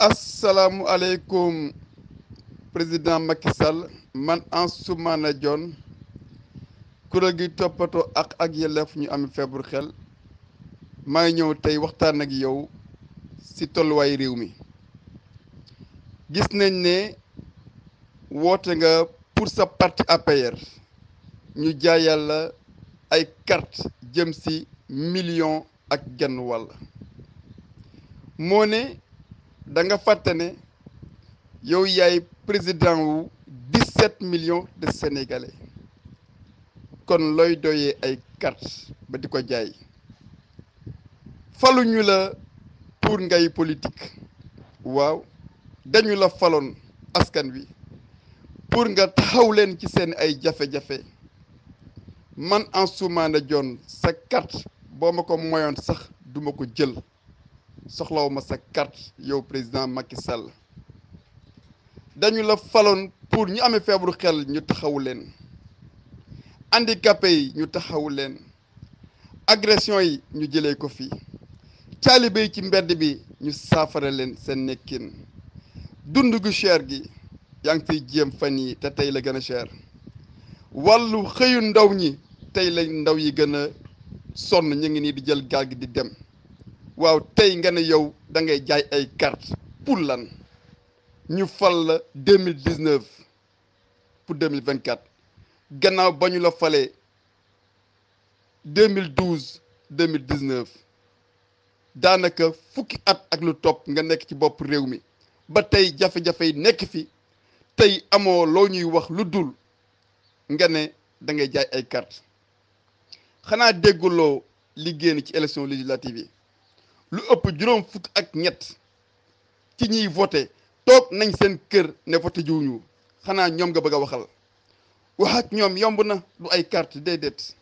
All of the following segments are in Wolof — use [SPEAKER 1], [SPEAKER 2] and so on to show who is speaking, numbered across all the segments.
[SPEAKER 1] asalaamualeykum président Macky Sall man Ansoumana Dione kuréel gi toppatoo ak ak yelleef ñu am feebaru xel maa ngi ñëw tey waxtaan ak yow ci tolluwaay réew mi gis nañ ne woote nga pour sa parti APR ñu jaayal la ay carte jëm ci million ak genn wàll moo ne. da nga fàtte ne yow yaay président wu 17 millions de sénégalais kon looy doyee ay carte ba di ko jaay faluñu la pour ngay politique waaw dañu la faloon askan wi pour nga taxaw leen ci seen ay jafe-jafe man Ansoumana Dione sa carte boo ma ko moyoon sax duma ko jël soxlawu ma sa carte yow président Macky Sall dañu la faloon pour ñu amee feebaru xel ñu taxawu leen handicapé yi ñu taxawu leen agression yi ñu jëlee ko fi taalibe yi ci mbedd bi ñu saafara leen seen nekkin dund gu cher gi yaa ngi fiy jéem fan yi te tey la gën a cher wàllu xëyu ndaw ñi tey la ndaw yi gën a sonn ñu ngi nii di jël gaal gi di dem waaw tey nga ne yow da ngay jaay ay carte pour lan ñu fal la deux mille dix neuf pour deux mille vingt quatre gannaaw ba ñu la falee deux mille douze deux mille dix neuf daanaka fukki at ak lu topp nga nekk ci bopp réew mi ba tey jafe-jafe nekk fi tey amoo loo ñuy wax lu dul nga ne da ngay jaay ay carte xanaa dégguloo li génn ci élection législative yi. lu ëpp juróom fukk ak ñett ki ñiy voté toog nañ seen kër ne voté jiwuñu xanaa ñoom nga bëgg a waxal wax ak ñoom yomb na du ay carte déedéet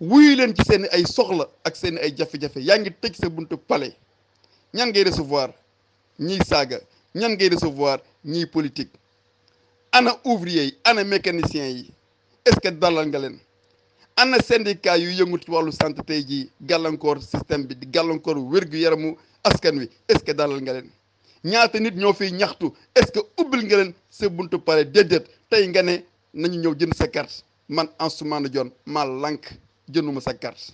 [SPEAKER 1] wuyu leen ci seen ay soxla ak seen ay jafe-jafe yaa ngi tëj sa buntu pale ñan ngay recevoir ñiy saaga ñan ngay recevoir ñiy politique ana ouvrier yi ana mécanicien yi est-ce que dalal nga leen. ana syndicat yu yëngu ci wàllu santé tey jii gàllankoor système bi di gàllankoor wér yaramu askan wi est-ce que dalal nga leen ñaata nit ñoo fiy ñaxtu est-ce que ubbil nga leen sa buntu pare déedéet tey nga ne nañu ñëw jënd sa carte man en Ansoumana Dione maa lànk jënduma sa carte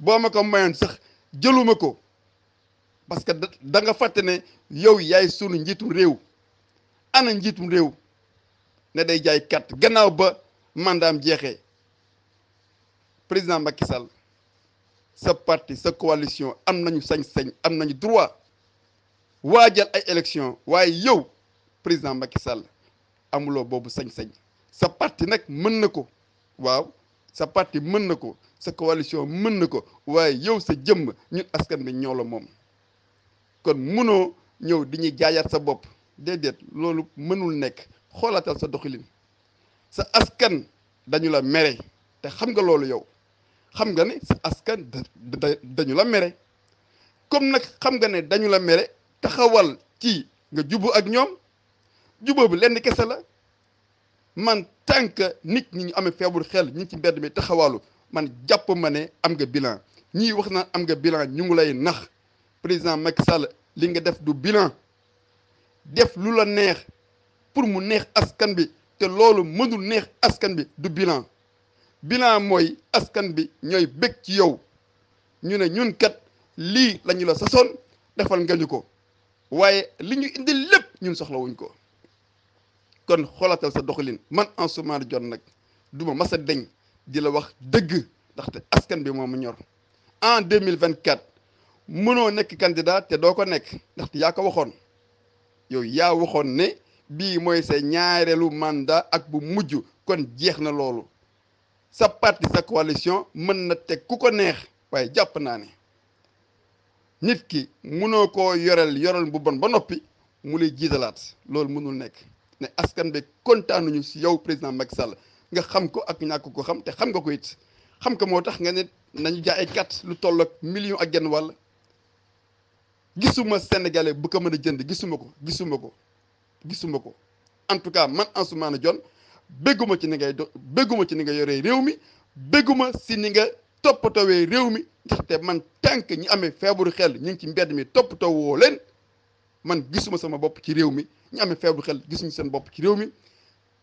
[SPEAKER 1] boo ma ko mayoon sax jëluma ko parce que da nga fàtte ne yow yaay sunu njiitum réew ana njiitum réew ne day jaay carte gannaaw ba mandaam jeexee président Macky Sall sa parti sa coalition am nañu sañ-sañ am nañu droit waajal ay élection waaye yow président Macky amuloo boobu sañ-sañ sa parti nag mën na ko waaw sa parti mën na ko sa coalition mën na ko waaye yow sa jëmm ñun askan bi ñoo la moom kon mënoo ñëw di ñuy jaayaat sa bopp déedéet loolu mënul nekk xoolaatal sa doxalin sa askan dañu la mere te xam nga loolu yow xam nga ne sa askan dañu la mere comme nag xam nga ne dañu la mere taxawal ci nga juboo ak ñoom juboo bi lenn kese la man tant nit ñi ñu amee feebul xel ñi ci mbedd mi taxawalu man jàpp ma ne am nga bilan ñi wax naan am nga bilan ñu ngi lay nax président ma Sall li nga def du bilan def lu la neex pour mu neex askan bi te loolu mënul neex askan bi du bilan binaa mooy askan bi ñooy bëgg ci yow ñu ne ñun kat lii la la sasoon defal nga ñu ko waaye li ñu indi lépp ñun soxlawuñ ko kon xoolatal sa doxalin man Ansoumana Dione nag du ma deñ di la wax dëgg ndaxte askan bi moom mu ñor en quatre mënoo nekk candidat te doo ko nekk ndaxte yaa ko waxoon yow yaa waxoon ne bii mooy sa ñaareelu mandat ak bu mujj kon jeex na loolu sa parti sa coalition mën na teg ku ko neex waaye jàpp naa ne nit ki mënoo koo yoreel yoreel bu bon ba noppi mu lay jiitalaat loolu mënul nekk ne askan bi kontaanuñu si yow président Macky Sall nga xam ko ak ñàkk ko xam te xam nga ko it xam ko moo tax nga ne nañu jaay ay kat lu toll ak million ak genn wàll gisuma sénégalais bu ko mën a jënd gisuma ko gisuma ko gisuma ko en tout cas man Ansoumana jon bégguma ci ni ngay do bégguma ci ni nga yoree réew mi bégguma si ni nga toppatawee réew mi ndaxte man tànk ñi amee feebaru xel ñu ngi ci mbedd mi toppatoo woo leen man gisuma sama bopp ci réew mi ñu amee feebaru xel gisuñu seen bopp ci réew mi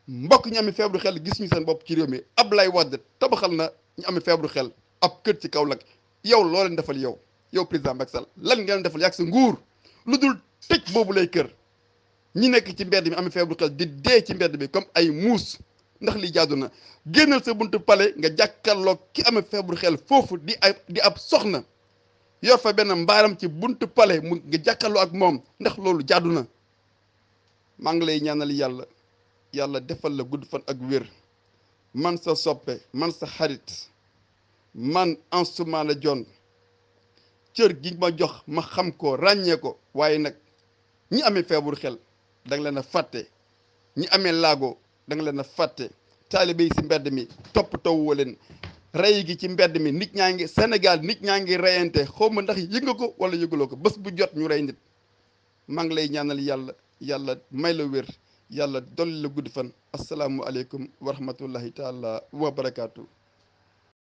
[SPEAKER 1] mbokk ñu amee feebaru xel gisuñu seen bopp ci réew mi Ablaye Wade tabaxal na ñu amee feebaru xel ab kër ci Kaolack yow loo leen defal yow yow président Macky Sall lan ngeen defal yàgg si nguur lu dul tëj boobu lay kër ñi nekk ci mbedd mi amee feebaru xel di dee ci mbedd mi comme ay muus ndax li jaadu na génnal sa buntu pale nga jàkkarloog ki amee feebaru xel foofu di di ab soxna yor fa benn mbaaram ci buntu pale mu nga jàkkarloo ak moom ndax loolu jàddu na maa ngi lay ñaanal yàlla yàlla defal la gudd fan ak wér man sa soppe man sa xarit man Ansoumana jon cër gi ma jox ma xam ko ràññee ko waaye nag ñi amee feebaru xel da leen a fàtte ñi amee laago da leen a fàtte taalibe yi si mbedd mi toppatoo woo leen rey gi ci mbedd mi nit ñaa ngi Sénégal nit ñaa ngi reyante xaw ma ndax yëg nga ko wala yëguloo ko bés bu jot ñu rey nit maa ngi lay ñaanal yàlla yàlla may la wér yàlla dolli la guddi fan asalaamualeykum wa rahmatullahi taala wa